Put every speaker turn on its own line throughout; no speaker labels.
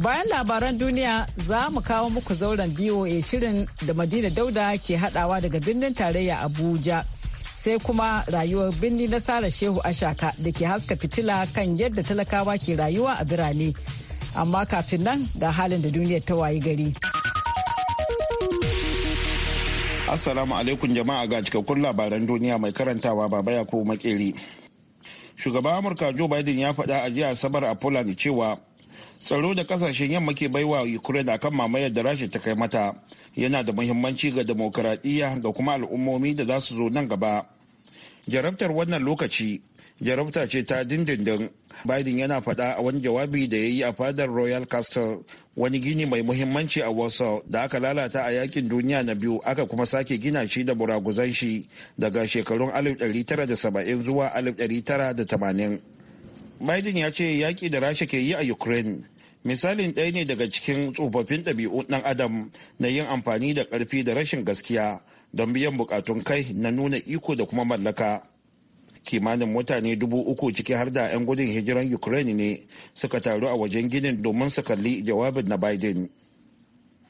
Bayan labaran duniya za mu kawo muku zauren BOA shirin da Madina Dauda ke hadawa daga birnin tarayya Abuja. Sai kuma rayuwar birni na Sara Shehu Ashaka da ke haska fitila kan yadda talakawa ke rayuwa a birane. Amma kafin nan ga halin da duniyar ta wayi gari.
Assalamu alaikum jama'a ga cikakkun labaran duniya mai karantawa baba ya ko makeri. Shugaban Amurka Joe Biden ya faɗa a jiya Asabar a Poland cewa tsaro da kasashen yamma ke baiwa ukraine akan mamayar da rasha ta kai mata yana da muhimmanci ga demokaradiyya ga kuma al'ummomi da za su zo nan gaba jarabtar wannan lokaci jarabta ce ta dindindin biden yana faɗa a wani jawabi da ya yi a fadar royal castle wani gini mai muhimmanci a warsaw da aka lalata a yakin duniya na biyu aka kuma sake gina shi da buraguzan shi daga shekarun 1970 zuwa 1980 biden ya ce yaƙi da rasha ke yi a ukraine misalin ɗaya ne daga cikin tsofaffin ɗabi'un ɗan adam na yin amfani da ƙarfi da rashin gaskiya don biyan buƙatun kai na nuna iko da kuma mallaka kimanin mutane dubu uku ciki har da 'yan gudun hijiran ukraine ne suka taru a wajen ginin domin su kalli jawabin na biden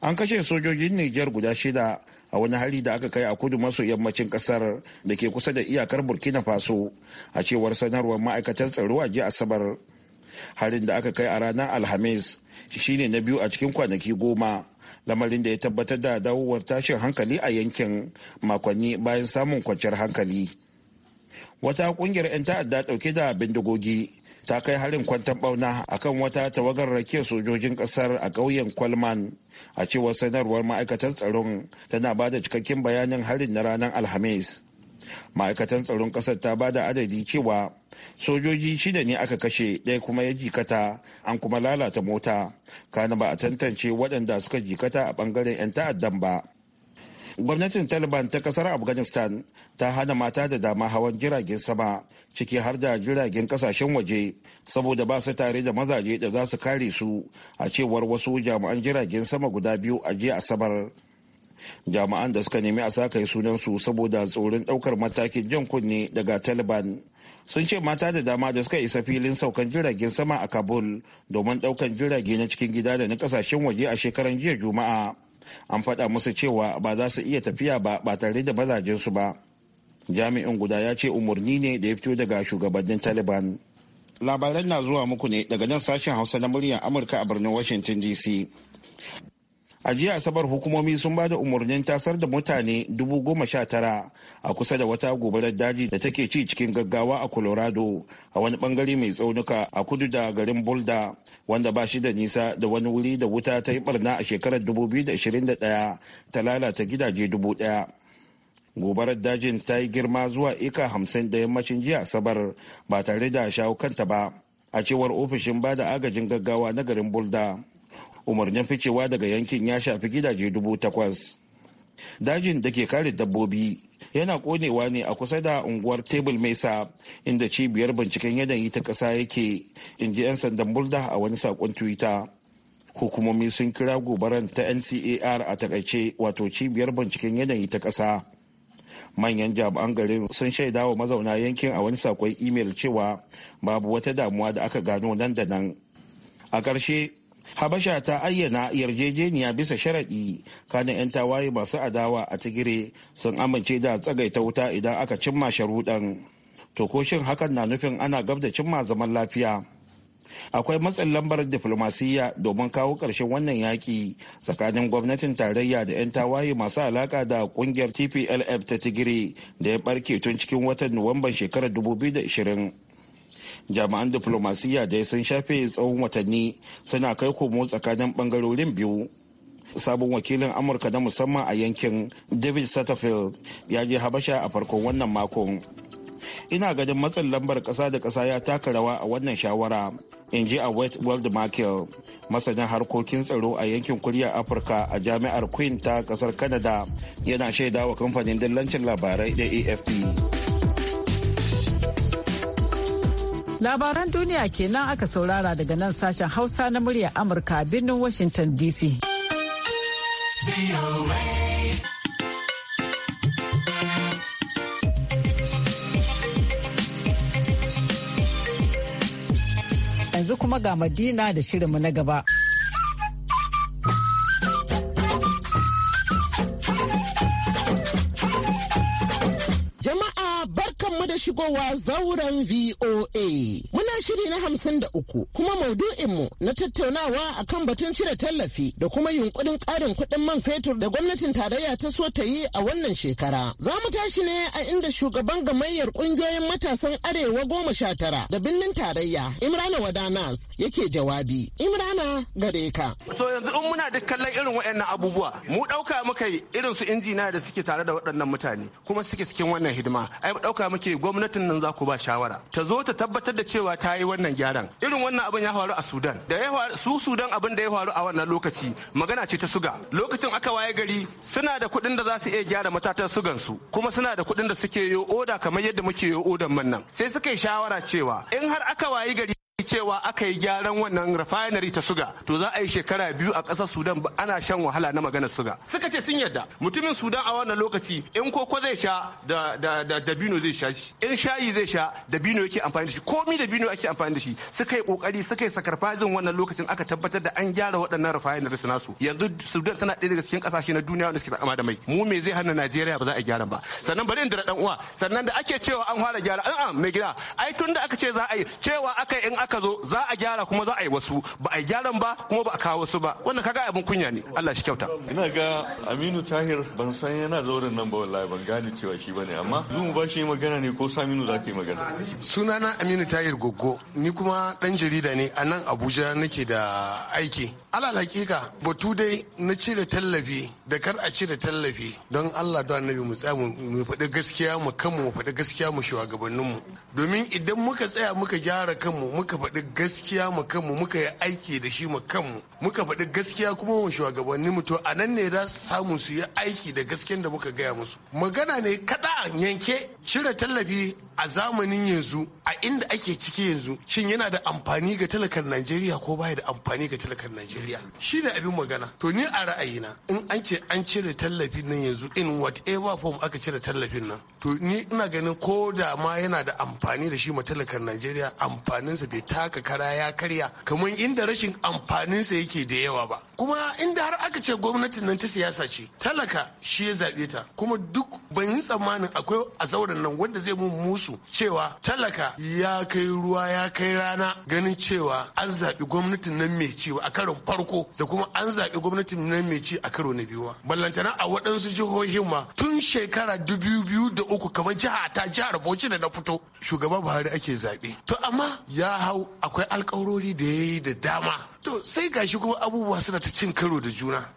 an kashe sojojin niger guda shida a wani hari da aka kai a kudu maso yammacin kasar da ke kusa da iyakar burkina faso a cewar sanarwar ma'aikatar tsaro a jiya asabar harin da aka kai a ranar alhamis shine na biyu a cikin kwanaki goma lamarin da ya tabbatar da dawowar tashin hankali a yankin makonni bayan samun kwanciyar hankali wata kungiyar 'yan ta'adda dauke da bindigogi ta kai harin kwantar bauna a kan wata tawagar rakiyar sojojin kasar a ƙauyen kwalman a cewar sanarwar ma'aikatan tsaron tana ba da cikakken bayanin harin na ranar alhamis ma'aikatan tsaron kasar ta ba da adadi cewa sojoji shida ne aka kashe ɗaya kuma ya jikata an kuma lalata mota kana ba a tantance waɗanda suka jikata a ɓangaren 'yan ta'addan ba gwamnatin taliban ta kasar afghanistan ta hana mata da dama hawan jiragen sama ciki har da jiragen kasashen waje saboda ba su tare da mazaje da za su kare su a cewar wasu jami'an jiragen sama guda biyu a jiya asabar jami'an da suka nemi a sakai sunansu saboda tsoron daukar matakin jan kunne daga taliban sun ce mata da dama da suka isa filin saukan jiragen sama a kabul domin daukan jirage na cikin gida da na kasashen waje a shekaran jiya juma'a an faɗa musu cewa ba za su iya tafiya ba ba tare da su ba jami'in guda ya ce umarni ne da ya fito daga shugabannin taliban labaran na zuwa muku ne daga nan sashen hausa na muryar amurka a birnin washington dc a jiya asabar hukumomi sun bada da umarnin tasar da mutane dubu goma sha tara a kusa da wata gobarar daji da take ci cikin gaggawa a colorado a wani bangare mai tsaunuka a kudu da garin boulder wanda ba shi da nisa da wani wuri da wuta ta yi barna a shekarar 2021 ta lalata gidaje dubu daya gobarar dajin ta yi girma zuwa eka hamsin da yammacin jiya asabar ba tare da shawo kanta ba a cewar ofishin bada agajin gaggawa na garin boulder umarnin ficewa daga yankin ya shafi gidaje dubu takwas dajin da ke kare dabbobi yana konewa ne a kusa da unguwar tebul mesa inda cibiyar binciken yanayi ta ƙasa yake ji 'yan sandan bulda a wani saƙon twitter hukumomi sun kira gobaran ta ncar a takaice wato cibiyar binciken yanayi ta ƙasa manyan jami'an garin sun shaida wa mazauna yankin a wani sakon imel cewa babu wata damuwa da aka gano nan da nan a ƙarshe habasha ta ayyana yarjejeniya bisa sharaɗi kanin 'yan tawaye masu adawa a tigire sun amince da tsagaita wuta idan aka cimma sharuɗan to ko shin hakan na nufin ana gab da cimma zaman lafiya akwai matsin lambar diflomasiyya domin kawo ƙarshen wannan yaƙi tsakanin gwamnatin tarayya da 'yan tawaye masu alaƙa da ƙungiyar tplf ta tigiri da ya ɓarke tun cikin watan nuwamban shekarar 2020 jami'an diflomasiyya dai sun shafe tsawon watanni suna kai komo tsakanin bangarorin biyu sabon wakilin amurka na musamman a yankin david satterfield ya je habasha a farkon wannan makon ina ganin matsin lambar kasa da kasa ya taka rawa a wannan shawara in ji a west world market masanin harkokin tsaro a yankin kuriya afirka a jami'ar queen ta kasar canada yana shaidawa kamfanin dillancin labarai da afp Labaran duniya kenan aka saurara
daga nan sashen Hausa na muryar Amurka a birnin Washington DC. Yanzu kuma ga Madina da shirinmu na gaba.
shigowa zauren VOA. Muna shiri na hamsin da uku kuma maudu'inmu na tattaunawa akan batun cire tallafi da kuma yunkurin ƙarin kuɗin man fetur da gwamnatin tarayya ta so ta yi a wannan shekara. Za mu tashi ne a inda shugaban gamayyar ƙungiyoyin matasan Arewa goma sha tara da birnin tarayya Imrana Wadanas yake jawabi. Imrana gare ka.
So yanzu in muna da kallon irin waɗannan abubuwa mu ɗauka muka yi irin su injina da suke tare da waɗannan mutane kuma suke cikin wannan hidima ai ɗauka muke gwamnati gwamnatin nan za ku ba shawara ta zo ta tabbatar da cewa ta yi wannan gyaran irin wannan abin ya faru a sudan da ya su sudan abin da ya faru a wannan lokaci magana ce ta suga lokacin aka waye gari suna da kuɗin da za su iya gyara matatan sugan su kuma suna da kuɗin da suke yo oda kamar yadda muke yo odan nan sai suka yi shawara cewa in har aka wayi gari cewa aka yi gyaran wannan refinery ta suga to za a yi shekara biyu a ƙasar sudan ana shan wahala na maganar suga suka ce sun yarda mutumin sudan a wannan lokaci in koko zai sha da da da dabino zai sha shi in shayi zai sha dabino yake amfani da shi komi dabino ake amfani da shi suka yi kokari suka yi sakarfajin wannan lokacin aka tabbatar da an gyara waɗannan refineries nasu yanzu sudan tana ɗaya daga cikin ƙasashe na duniya wanda suke da da mai mu me zai hana najeriya ba za a gyara ba sannan bari in dira dan uwa sannan da ake cewa an fara gyara a'a mai gida ai tun da aka ce za a yi cewa aka in aka aka zo za a gyara kuma za a yi wasu ba a yi gyaran ba kuma ba a kawo wasu ba wannan kaga abin kunya ne Allah shi kyauta ina ga Aminu Tahir ban san yana zauren nan ba wallahi ban gane cewa shi bane amma zumu ba shi magana ne ko Saminu za ka yi magana sunana Aminu Tahir Goggo ni kuma dan jarida ne
a nan Abuja nake da aiki alal hakika batu dai na cire tallafi da kar a cire tallafi don Allah da annabi mu tsaya mu faɗi gaskiya mu kanmu mu faɗi gaskiya mu shugabanninmu domin idan muka tsaya muka gyara kanmu muka faɗi gaskiya mu kanmu muka yi aiki da shi mu kanmu muka faɗi gaskiya kuma wa shugabanni mu to a nan ne za su samu su yi aiki da gaskiyan da muka gaya musu magana ne kaɗa yanke cire tallafi a zamanin yanzu a inda ake ciki yanzu shin yana da amfani ga talakar Najeriya ko baya da amfani ga talakar Najeriya shi ne abin magana to ni a ra'ayina in an ce an cire tallafin nan yanzu in whatever form aka cire tallafin nan to ni ina ganin ko da ma yana da amfani da shi ma talakar Najeriya amfaninsa bai taka kara ya karya kamar inda rashin amfaninsa yake yake da yawa ba kuma inda har aka ce gwamnatin nan ta siyasa ce talaka shi ya zaɓe ta kuma duk ban yi tsammanin akwai a zauren nan wanda zai mun musu cewa talaka ya kai ruwa ya kai rana ganin cewa an zaɓi gwamnatin nan mai ci a karon farko da kuma an zaɓi gwamnatin nan mai ci a karo na biyu ballantana a waɗansu jihohin ma tun shekara dubu biyu da uku kamar jiha ta jihar Bauchi da na fito shugaba Buhari ake zaɓe to amma ya hau akwai alkawarori da ya yi da dama to sai gashi kuma abubuwa suna ta cin karo da juna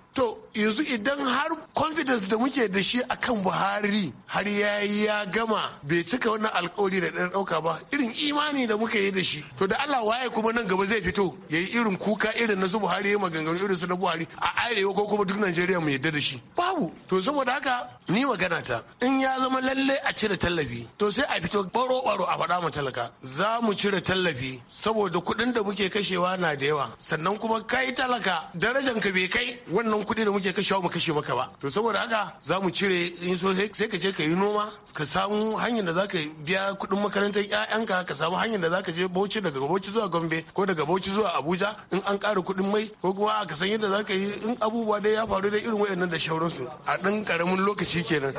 yanzu idan har confidence da muke da shi akan buhari har ya yi ya gama bai cika wannan alkawari da ɗan ɗauka ba irin imani da muka yi da shi to da allah waye kuma nan gaba zai fito ya yi irin kuka irin na su buhari ya maganganu irin su na buhari a arewa ko kuma duk najeriya mu yadda da shi babu to saboda haka ni magana ta in ya zama lalle a cire tallafi to sai a fito baro baro a faɗa ma talaka za mu cire tallafi saboda kuɗin da muke kashewa na da yawa sannan kuma kai talaka darajan ka bai kai wannan kuɗi da muke muke ka mu kashe maka ba to saboda haka za mu cire in so sai ka je ka yi noma ka samu hanyar da za ka biya kuɗin makarantar ƴaƴanka ka samu hanyar da za ka je Bauchi daga Bauchi zuwa Gombe ko daga Bauchi zuwa Abuja in an ƙara kuɗin mai ko kuma ka san yadda za ka yi in abubuwa dai ya faru da irin wayannan da shauransu a ɗan ƙaramin lokaci kenan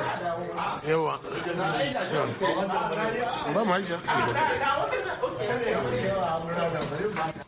yawa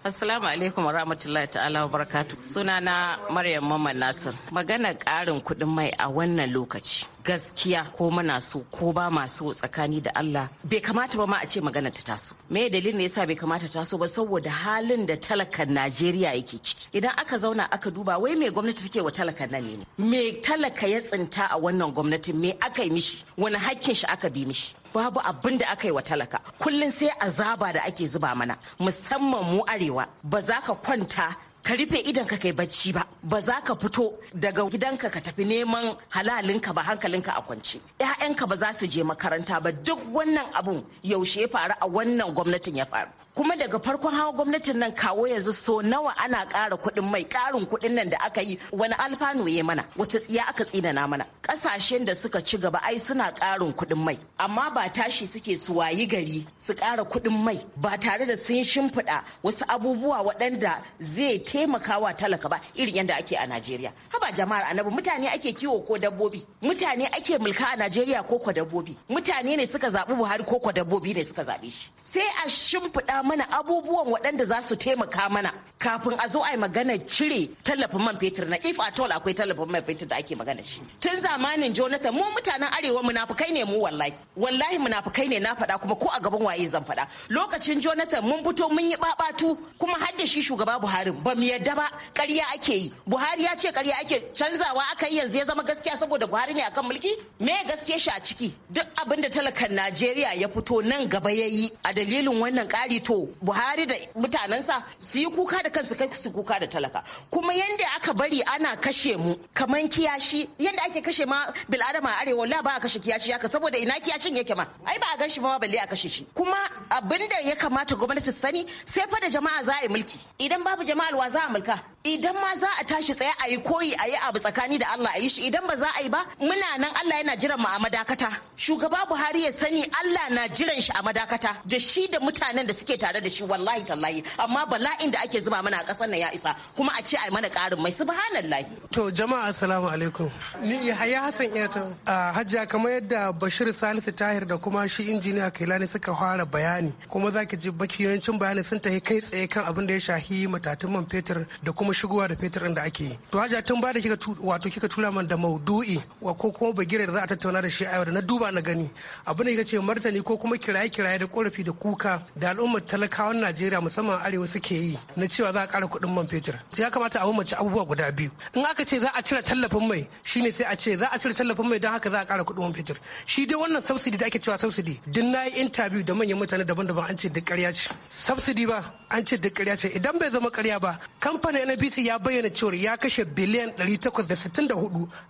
Assalamu alaikum wa rahmatullahi ta'ala wa barakatu. Sunana Maryam Mamman Nasir. Magana ƙarin kuɗin mai a wannan lokaci. gaskiya ko muna so ko ba masu tsakani da Allah bai kamata ba ma a ce magana ta taso me dalilin yasa bai kamata taso ba saboda halin da talakan Najeriya yake ciki idan aka zauna aka duba wai me gwamnati take wa talakan nan ne me talaka ya tsinta a wannan gwamnatin me aka yi mishi wani hakkin shi aka bi mishi babu abin da aka yi wa talaka kullum sai azaba da ake zuba mana musamman mu arewa ba za ka kwanta ka rufe ka kai bacci ba ba za ka fito daga gidanka ka tafi neman halalinka ba hankalinka a kwance Ya'yanka ba za su je makaranta ba duk wannan abun yaushe ya faru a wannan gwamnatin ya faru kuma daga farkon hawa gwamnatin nan kawo yanzu so nawa ana ƙara kuɗin mai ƙarin kuɗin nan da aka yi wani alfanu ya mana wata tsiya aka tsinana mana ƙasashen da suka ci gaba ai suna ƙarin kuɗin mai amma ba tashi suke su wayi gari su ƙara kuɗin mai ba tare da sun shimfiɗa wasu abubuwa waɗanda zai taimakawa talaka ba irin yadda ake a Najeriya haba jama'ar annabi mutane ake kiwo ko dabbobi mutane ake mulka a Najeriya ko ko dabbobi mutane ne suka zaɓi Buhari ko ko dabbobi ne suka zaɓe shi sai a shimfiɗa mana abubuwan waɗanda za su taimaka mana kafin a zo a yi magana cire tallafin man fetur na if at all akwai tallafin man fetur da ake magana shi tun zamanin jonathan mu mutanen arewa munafukai ne mu wallahi wallahi munafukai ne na faɗa kuma ko a gaban waye zan faɗa lokacin jonathan mun fito mun yi babatu kuma har da shi shugaba buhari ba mu yadda ba ƙarya ake yi buhari ya ce ƙarya ake canzawa aka yi yanzu ya zama gaskiya saboda buhari ne akan mulki me gaskiya shi a ciki duk abin da talakan najeriya ya fito nan gaba ya yi a dalilin wannan ƙari to buhari da mutanensa su yi kuka da kansu kai su kuka da talaka kuma yanda aka bari ana kashe mu kaman kiyashi yanda ake kashe ma bil'adama a arewa la ba a kashe kiyashi haka saboda ina kiyashin yake ma ai ba a gan shi ma balle a kashe shi kuma abin da ya kamata gwamnati su sani sai fa da jama'a za a yi mulki idan babu jama'a wa za a mulka idan ma za a tashi tsaye a yi koyi a yi abu tsakani da Allah a yi shi idan ba za a yi ba muna nan Allah yana jiran mu a madakata shugaba Buhari ya sani Allah na jiran shi a madakata da shi da mutanen da suke tare da shi wallahi tallahi amma bala'in da ake zuba mana a ƙasar nan ya isa kuma a ce a mana ƙarin mai subhanallahi
to jama'a assalamu alaikum ni yahaya hassan ta. a hajja kamar yadda bashir salisu tahir da kuma shi injiniya kailani suka fara bayani kuma zaki ji bakiyoyin bayani sun tafi kai tsaye kan abin da ya shahi matatun man fetur da kuma shigowa da fetur din da ake yi to hajja tun ba da kika wato kika tura man da maudu'i wa ko kuma bagire da za a tattauna da shi a yau da na duba na gani abin da kika ce martani ko kuma kiraye kiraye da korafi da kuka da al'ummar talakawan najeriya musamman arewa suke yi na cewa za a ƙara kuɗin man fetur ya kamata a mace abubuwa guda biyu in aka ce za a cire tallafin mai shine sai a ce za a cire tallafin mai don haka za a ƙara kuɗin man fetur shi dai wannan subsidy da ake cewa subsidy din na yi interview da manyan mutane daban-daban an ce duk ƙarya ce subsidy ba an ce duk ƙarya ce idan bai zama ƙarya ba kamfanin NBC ya bayyana cewa ya kashe biliyan 864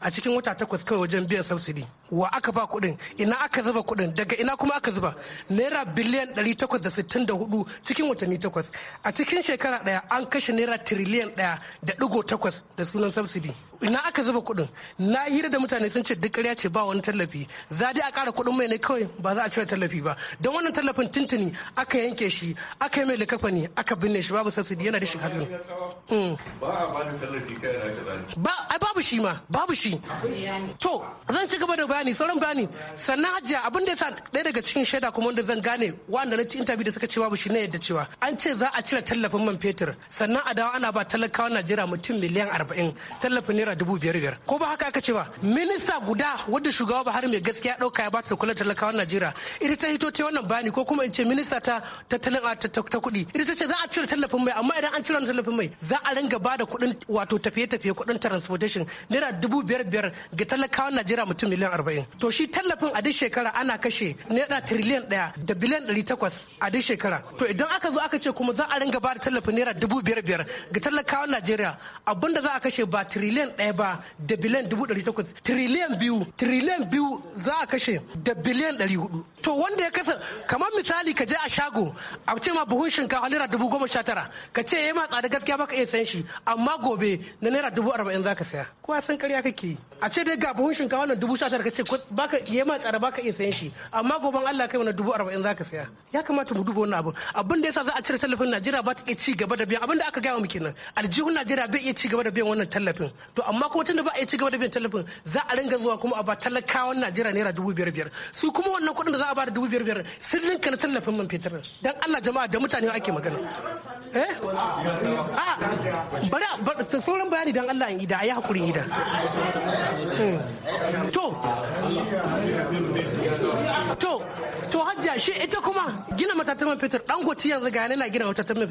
a cikin wata takwas kawai wajen biyan subsidy wa aka ba kuɗin ina aka zuba kuɗin daga ina kuma aka zuba naira biliyan 864 hudu cikin watanni takwas a cikin shekara daya an kashe naira tiriliyan daya da digo takwas da sunan subsidy ina aka zuba kuɗin na hira da mutane sun ce duk ƙarya ce ba wani tallafi za dai a ƙara kuɗin mai ne kawai ba za a cire tallafi ba don wannan tallafin tuntuni aka yanke shi aka yi mai ne aka binne shi babu subsidy yana da shi kafin hmm. ba babu shi ma babu shi to zan ci gaba da bayani sauran bayani sannan hajiya abin da yasa ɗaya daga cikin shaida kuma wanda zan gane wanda na ci interview da suka ce babu shi ne yadda cewa an ce za a cire tallafin man fetur sannan a dawo ana ba talakawa Najeriya mutum miliyan arba'in tallafin naira dubu biyar biyar ko ba haka aka ce ba minista guda wadda shugaba buhari mai gaskiya dauka ya bata kula talakawan najeriya ita ta hito ce wannan bani ko kuma in ce minista ta tattalin ta kuɗi ita ta ce za a cire tallafin mai amma idan an cire tallafin mai za a ringa bada kuɗin wato tafiye-tafiye kuɗin transportation naira dubu biyar biyar ga talakawan najeriya mutum miliyan arba'in to shi tallafin a duk shekara ana kashe naira tiriliyan ɗaya da biliyan ɗari takwas a duk shekara to idan aka zo aka ce kuma za a ringa bada tallafin naira dubu biyar biyar ga talakawan najeriya abinda za a kashe ba tiriliyan ɗaya ba da biliyan dubu ɗari takwas triliyan biyu triliyan biyu za a kashe da biliyan ɗari hudu to wanda ya kasa kamar misali ka je a shago a ce ma buhun shinkafa naira dubu goma sha tara ka ce ya eh, matsa da gaskiya baka iya sayan shi amma gobe na naira dubu arba'in za ka saya ko a san karya kake a ce dai ga buhun shinkafa na dubu sha tara ka ce baka ya matsa da baka iya sayan shi amma goben Allah kai na dubu arba'in za ka saya ya kamata mu duba wannan abun abin da yasa za a cire tallafin Najeriya ba ta iya ci gaba da biyan abin da aka gaya mu kenan aljihun Najeriya bai iya ci gaba da biyan wannan tallafin to amma kuma tunda ba a ci gaba da biyan tallafin za a ringa zuwa kuma a ba talakawan najeriya naira dubu biyar biyar su kuma wannan kuɗin da za a ba da dubu biyar biyar sun rinka na tallafin man fetur dan allah jama'a da mutane ake magana
eh ah,
a bari sauran bayani dan allah in ida a yi hakurin ida hmm. to to hajiya shi ita kuma gina matatan man fetur dangote yanzu ga na gina matatan man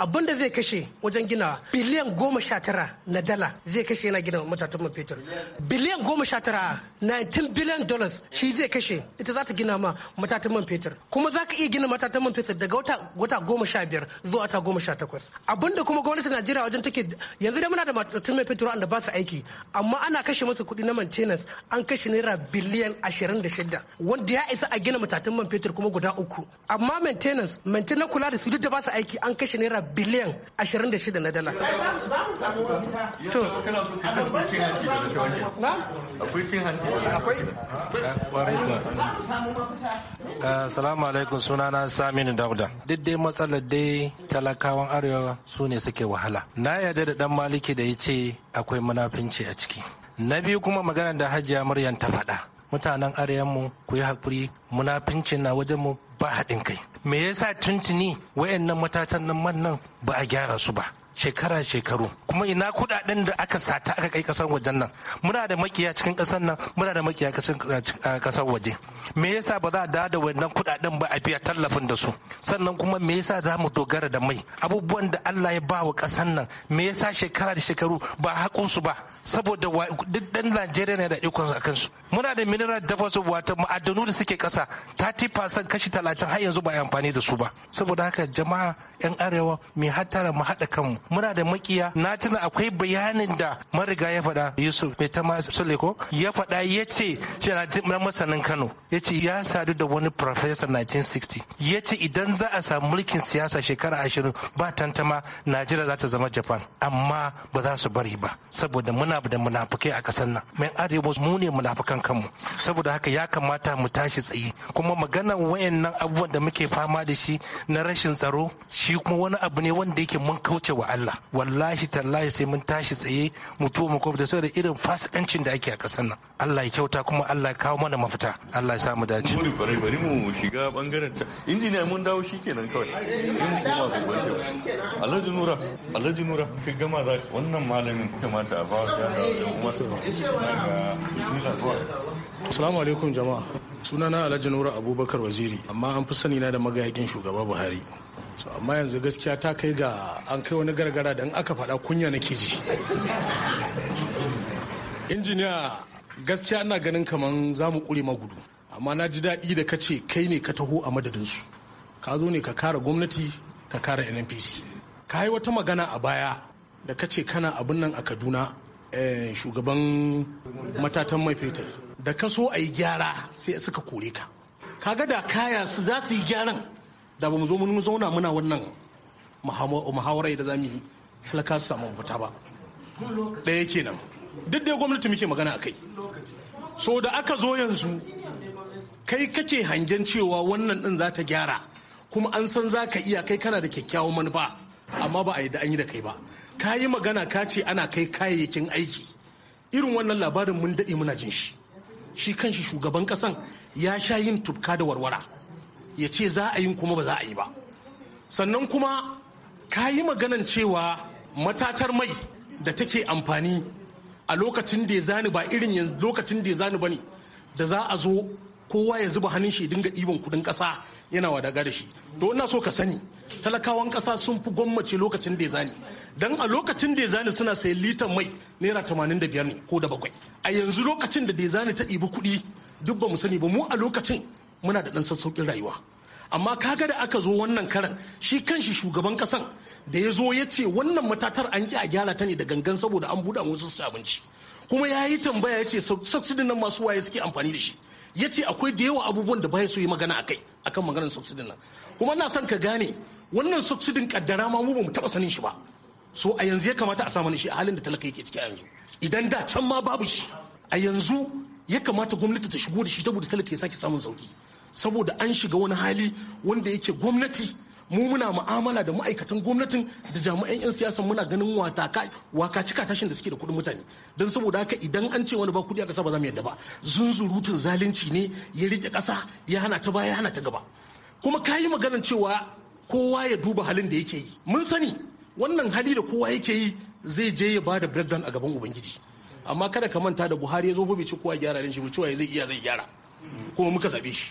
abinda zai kashe wajen ginawa biliyan goma sha tara na dala zai kashe yana gina matatan man fetur biliyan goma sha tara 19 biliyan dollars shi zai kashe ita za ta gina ma matatan man fetur kuma za ka iya gina matatan man fetur daga wata goma sha biyar zuwa wata goma sha takwas abinda kuma gwamnatin najeriya wajen take yanzu da muna da matatan man wanda ba su aiki amma ana kashe musu kuɗi na maintenance an kashe naira biliyan ashirin da shida wanda ya isa a gina matatan man fetur kilomita kuma guda uku amma maintenance maintenance na kula da su duk da ba su aiki an kashe naira biliyan 26 na dala to
akwai cin hanci akwai eh, sunana saminu dauda duk dai matsalar dai talakawan arewa su ne suke wahala na yarda da dan maliki da ya ce akwai munafinci a ciki na biyu kuma maganar da hajiya muryan ta faɗa mutanen arewanmu ku yi hakuri munafincin na wajenmu ba haɗin kai me yasa tuntuni wayannan matatan nan man nan ba a gyara su ba shekara shekaru kuma ina kudaden da aka sata aka kai kasar wajen nan muna da makiya cikin kasar nan muna da makiya cikin kasar waje me yasa ba za a da da wannan kudaden ba a biya tallafin da su sannan kuma me yasa za mu dogara da mai abubuwan da Allah ya ba wa kasar nan me yasa shekara da shekaru ba hakun su ba saboda duk dan Najeriya ne da ikon a kansu muna da mineral deposit wato ma'adanu da suke kasa ta 30% kashi 30 har yanzu ba amfani da su ba saboda haka jama'a yan arewa mai hatara mu haɗa kanmu muna da makiya na tuna akwai bayanin da mariga ya faɗa yusuf mai tama suleko ya faɗa ya ce na masanin kano ya ce ya sadu da wani professor 1960 ya ce idan za a samu mulkin siyasa shekara ashirin ba tantama najeriya za ta zama japan amma ba za su bari ba saboda muna da munafukai a ƙasar nan mai arewa mu ne munafukan kanmu saboda haka ya kamata mu tashi tsaye kuma maganar wayannan abubuwan da muke fama da shi na rashin tsaro shi kuma wani abu ne wanda yake mun kauce wa Allah wallahi tallahi sai mun tashi tsaye mu tuwo mu da saboda irin fasikancin da ake a kasar nan Allah ya kyauta kuma Allah ya kawo mana mafita Allah ya samu dace mu bari bari mu shiga bangaren ta injiniya mun dawo shikenan kawai sai
mu koma ga gwance Alhaji Nura
Alhaji Nura ki gama da wannan malamin kamata a ba da kuma Assalamu alaikum jama'a sunana Alhaji Nura Abubakar Waziri amma an fi sani na da magayakin shugaba Buhari so amma yanzu gaskiya ta kai ga an kai wani gargara da aka faɗa kunya nake ji injiniya gaskiya ana ganin kamar za mu ƙure magudu amma na ji daɗi da ka ce kai ne ka taho a madadinsu ka zo ne ka kara gwamnati ka kara nnpc ka yi wata magana a baya da ka ce kana abin nan a kaduna eh, shugaban matatan mai fetur da ka so a yi gyara sai suka kore ka kaga da kaya su za su yi gyaran da ba mu zo mun zauna muna wannan muhawarai da za mu yi talaka su samu fita ba ɗaya kenan duk dai gwamnati muke magana a kai so da aka zo yanzu kai kake hangen cewa wannan ɗin za ta gyara kuma an san za ka iya kai kana da kyakkyawan manufa amma ba a yi da an yi da kai ba ka yi magana ka ce ana kai kayayyakin aiki irin wannan labarin mun daɗe muna jin shi shi kanshi shugaban ƙasan ya sha yin tubka da warwara ya ce za a yi kuma ba za a yi ba sannan kuma ka yi maganan cewa matatar mai da take amfani a lokacin da ya zani ba irin lokacin da ya zani ba ne da za a zo kowa ya zuba hannun shi dinga ɗiban kuɗin ƙasa yana wadaga da shi to ina so ka sani talakawan ƙasa sun fi gwammace lokacin da ya zani dan a lokacin da ya zani suna sayan litan mai naira tamanin da biyar ne ko da bakwai a yanzu lokacin da ya zani ta ɗibi kuɗi duk ba mu sani ba mu a lokacin muna da ɗan sassauƙin rayuwa amma kaga da aka zo wannan karan shi kanshi shugaban ƙasan da ya zo ya ce wannan matatar an ƙi a gyara ta ne da gangan saboda an buɗa wasu su abinci kuma ya yi tambaya ya ce subsidin nan masu waye suke amfani da shi ya ce akwai da yawa abubuwan da baya so yi magana a kai akan maganar subsidin nan kuma na son ka gane wannan subsidin kaddara ma mu bamu taɓa sanin shi ba so a yanzu ya kamata a samu shi a halin da talaka yake ciki a yanzu idan da can ma babu shi a yanzu ya kamata gwamnati ta shigo da shi saboda talaka ya sake samun sauki saboda an shiga wani hali wanda yake gwamnati mu muna mu'amala da ma'aikatan gwamnatin da jami'an 'yan siyasa muna ganin waka cika tashin da suke da kuɗin mutane don saboda haka idan an ce wani ba kuɗi a ƙasa ba za mu yadda ba zunzurutun zalunci ne ya rike ƙasa ya hana ta baya hana ta gaba kuma ka yi maganar cewa kowa ya duba halin da yake yi mun sani wannan hali da kowa yake yi zai je ya bada breakdown a gaban ubangiji amma kada ka manta da buhari ya zo bai ci kowa gyara shi ba cewa zai iya zai gyara kuma muka zabe shi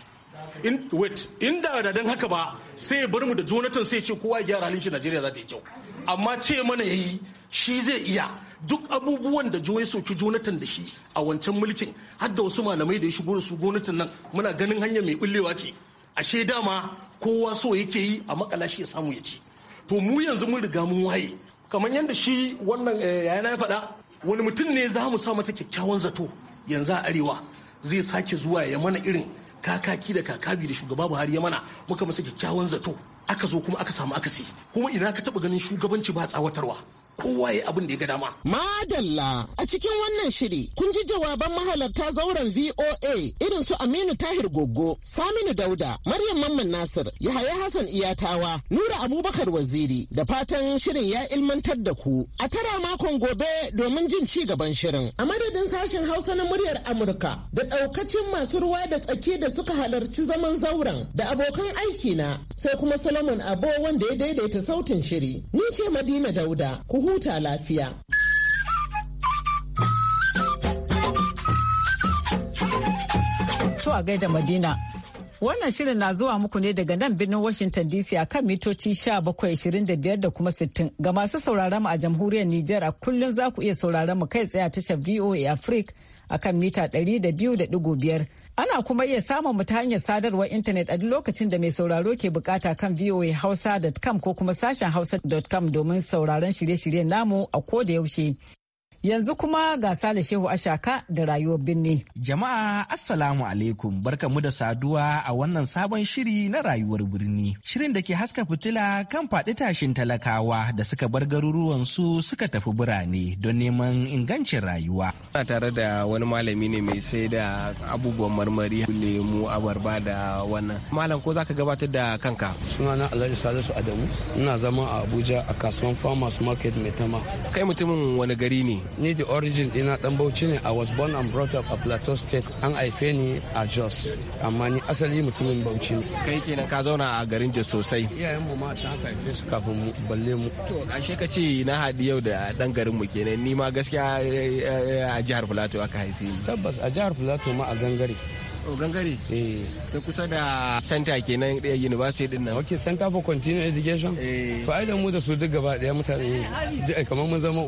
in wait in da da dan haka ba sai ya bar mu da Jonathan sai ce kowa ya gyara halin shi Najeriya za ta yi kyau amma ce mana yayi shi zai iya duk abubuwan da ya soki Jonathan da shi a wancan mulkin har da wasu malamai da ya shigo da su jonathan nan muna ganin hanya mai bullewa ce ashe dama kowa so yake yi a makala shi ya samu ya ci to mu yanzu mun riga mun waye kamar yadda shi wannan eh, yayana ya faɗa wani mutum ne za mu sa mata kyakkyawan zato yanzu a arewa zai sake zuwa ya mana irin kakaki da kakabi da shugaba buhari ya mana muka masa kyakkyawan zato aka zo kuma aka samu akasi kuma ina ka taba ganin shugabanci ba tsawatarwa kowa ya abin da ya ga dama. Madalla a cikin wannan shiri kun ji jawaban
mahalarta zauren VOA irin su Aminu Tahir Goggo, Saminu Dauda, Maryam Mamman Nasir, Yahaya Hassan Iyatawa, Nura Abubakar Waziri da fatan shirin ya ilmantar da ku. A tara makon gobe domin jin ci gaban shirin. A madadin sashen Hausa na muryar Amurka da ɗaukacin masu ruwa da tsaki da suka halarci zaman zauren da abokan aiki na sai kuma Solomon Abo wanda ya daidaita sautin shiri. Ni ce Madina
Dauda, ku huta lafiya. To a gaida Madina. Wannan shirin na zuwa muku ne daga nan birnin Washington DC a kan mitoci 1725 da kuma 60 ga masu sauraron mu a jamhuriyar Nijar a kullum za ku iya sauraron mu kai tsaye a tashar VOA Africa a kan mita 200.5 Ana kuma iya samun mu ta hanyar sadarwar intanet a duk lokacin da mai sauraro ke bukata kan voahausa.com ko kuma sashen hausa.com domin sauraron shirye-shiryen namu a ko da yaushe. Yanzu kuma ga Sale Shehu Ashaka da rayuwar birni. Jama'a Assalamu alaikum mu da saduwa a wannan sabon shiri
na rayuwar birni. Shirin da ke haska fitila kan faɗi tashin talakawa da suka bar garuruwan su suka tafi birane don neman ingancin rayuwa. Ana tare da wani malami ne mai sai da abubuwan marmari lemu abarba da wannan. Malam ko zaka gabatar da kanka? Sunana Alhaji Salisu Adamu. Ina zama a Abuja a kasuwan Farmers Market Maitama. Kai mutumin wani gari ne? ni the origin ina dan bauchi ne I was born and brought up a Plateau State an haife ni a Jos amma ni asali mutumin bauchi ne. Kai kenan ka zauna a garin Jos sosai. Iyayen mu ma ta su kafin mu balle mu. To ashe ka ce na haɗi yau da ɗan garin mu kenan ni ma gaskiya eh, eh, a jihar Plateau aka haife ni. Tabbas a jihar Plateau ma a gangare. gangare eh. ta kusa da santa kenan ɗaya university din nan ok center for continuing education eh. mu da su duk gaba daya mutane kamar mun zama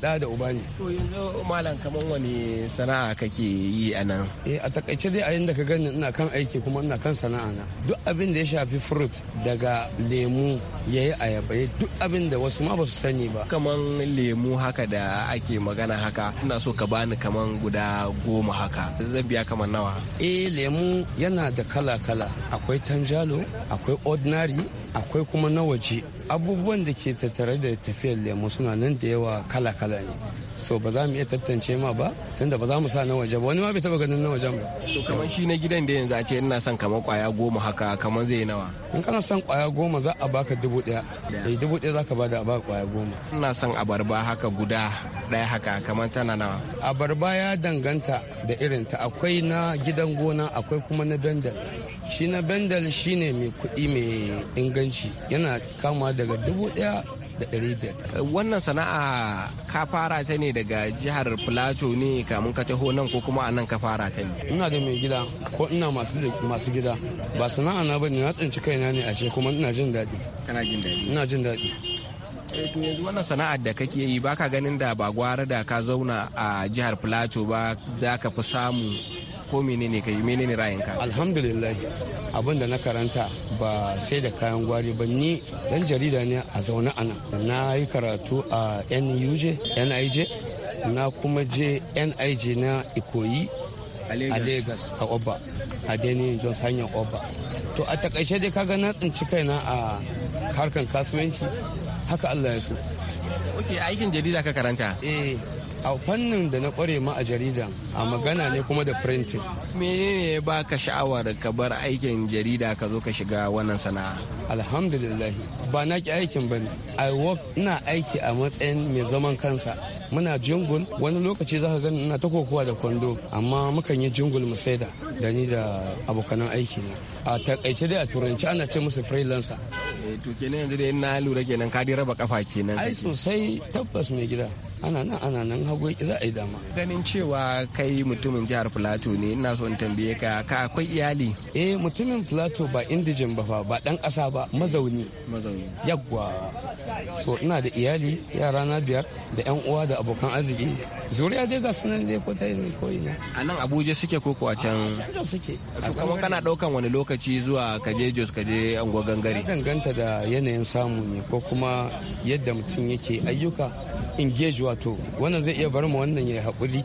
da da uba ne
to yanzu
malam kamar wani sana'a kake yi a nan eh a takaice dai a yanda ka gani ina kan aiki kuma ina kan sana'a na duk abin da ya shafi fruit daga lemu yayi ayaba duk abin da wasu ma ba su sani ba kaman lemu haka da ake magana haka ina so ka bani kaman guda goma haka zan biya kamar nawa eh lemu yana da kala-kala akwai tanjalo akwai ordinary akwai kuma na waje abubuwan da ke tattare da tafiyar lemu suna nan da yawa kala-kala ne so ba za mu iya tantance ma ba tunda ba za mu sa na waje ba wani ma bai taba ganin na wajen ba to kamar shi na gidan da yanzu a ce ina son kamar kwaya goma haka kamar zai nawa in kana son kwaya goma za a baka dubu daya eh, da dubu daya ka bada a baka kwaya goma ina son abarba haka guda daya haka kamar tana nawa abarba ya danganta da irin ta akwai na gidan gona akwai kuma na dandal shi na bendel shine mai kuɗi mai inganci yana kama daga dubu daya da biyar. Wannan sana'a ka fara ta ne daga jihar Filato ne kamun ka taho nan ko kuma a nan ka fara ta ne. Ina da mai gida ko ina masu gida ba sana'a na bane na tsinci kaina ne a ce kuma ina jin daɗi. Kana jin daɗi. Ina jin daɗi. Eh, to yanzu wannan sana'ar da kake yi baka ganin da ba gwara da ka zauna a jihar plateau ba za ka fi samu ko menene kai menene ra'ayinka alhamdulillah abin da na karanta ba sai da kayan gwari ba ni dan jarida ne a zaune a nan na yi karatu a nuj nij na kuma je nij na ikoyi a lagos a oba a dani jos hanyar oba to a takaice dai kaga na tsinci kaina a harkan kasuwanci haka allah ya so ok aikin jarida ka karanta eh a fannin da na kware ma a jarida a magana ne kuma da printing menene ya ba ka sha'awar ka bar aikin jarida ka zo ka shiga wannan sana'a alhamdulillah ba na ki aikin bane i work ina aiki a matsayin mai zaman kansa muna jingul wani lokaci zaka ka gani ina ta kokowa da kwando amma mukan yi jingul mu saida da ni da abokanan aiki na a takaice dai a turanci ana ce musu freelancer eh, to kenan yanzu da na lura kenan ka dai raba kafa kenan ai sosai tabbas mai gida ana nan ana nan hagu yake za a yi dama ganin cewa kai mutumin jihar plateau ne ina so in tambaye ka ka akwai iyali eh mutumin plateau ba indijin ba fa ba dan kasa ba mazauni mazauni yagwa so ina da iyali yara na biyar da yan uwa da abokan arziki zuriya dai ga sunan dai ko ta yi ko ina a nan abuja suke ko kuwa can
suke kuma kana
daukan wani lokaci zuwa kaje jos kaje angwa gangare danganta da yanayin samu ne ko kuma yadda mutum yake ayyuka engage wato wannan zai iya bar mu wannan ya haƙuri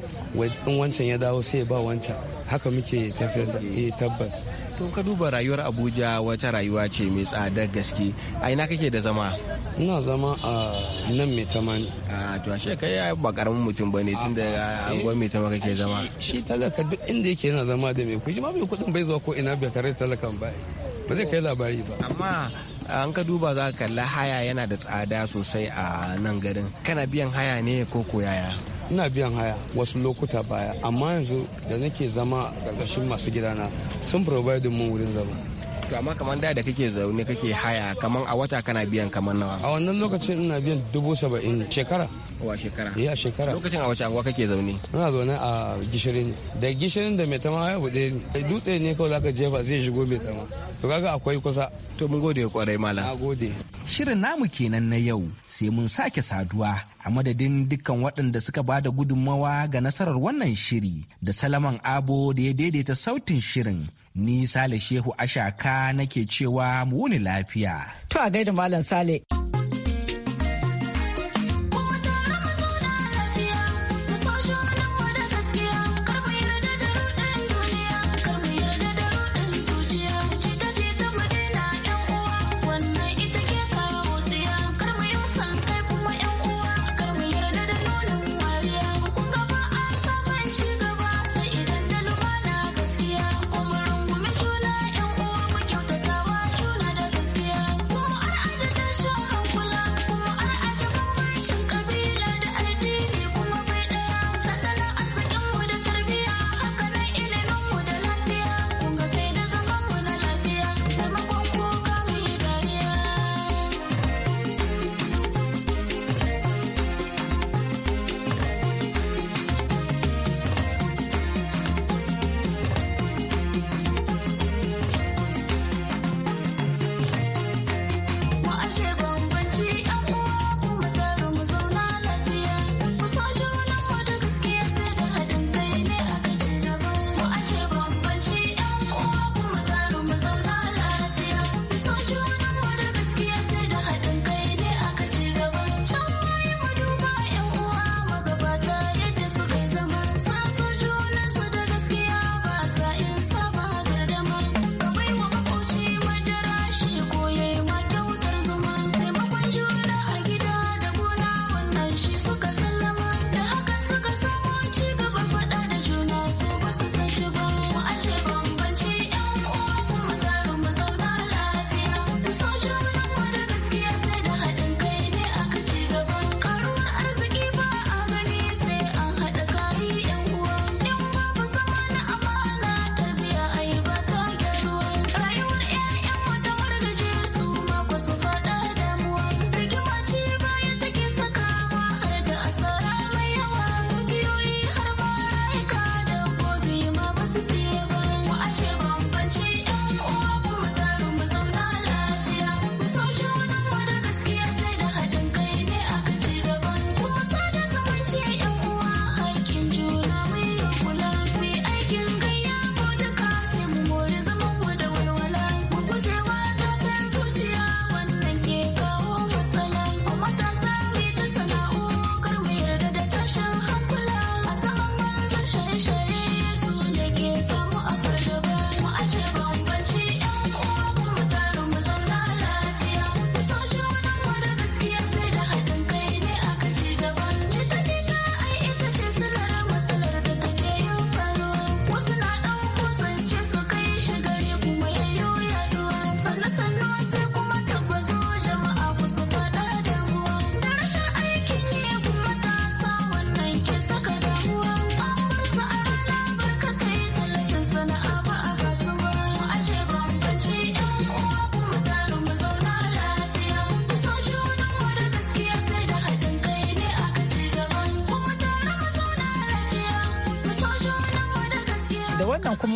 in wancan ya dawo sai ba wancan haka muke tafiyar da eh, tabbas to ka duba rayuwar abuja wata rayuwa ce mai tsada gaske a ina kake da zama ina zama a nan mai taman a to ashe kai ba karamin mutum bane tun da anguwar mai taman kake zama shi talaka duk inda yake yana zama da mai kuɗi ma mai kuɗin bai zuwa ko ina bai tare da talakan ba ba zai kai labari ba amma an ah, ka duba za ka kalla haya yana da tsada sosai a nan garin kana biyan haya ne ko koyaya ina biyan haya wasu lokuta baya amma yanzu da nake zama ƙarƙashin masu gidana sun provide mun wurin zama to amma kamar da da kake zaune kake haya kamar a wata kana biyan kamar nawa a wannan lokacin ina biyan dubu saba'in shekara wa shekara ya shekara lokacin a wata anguwa kake zaune ina zaune a gishirin da gishirin da mai tama ya bude dutse ne kawai zaka jefa zai shigo mai tama to kaga akwai kusa to mun gode kwarai malam na gode shirin namu kenan na yau sai mun sake saduwa a madadin dukkan waɗanda suka ba da gudunmawa ga nasarar wannan shiri da salaman abo da ya daidaita sautin shirin Ni Sale Shehu Ashaka nake cewa mu wuni lafiya.
To a gaida Malam Sale.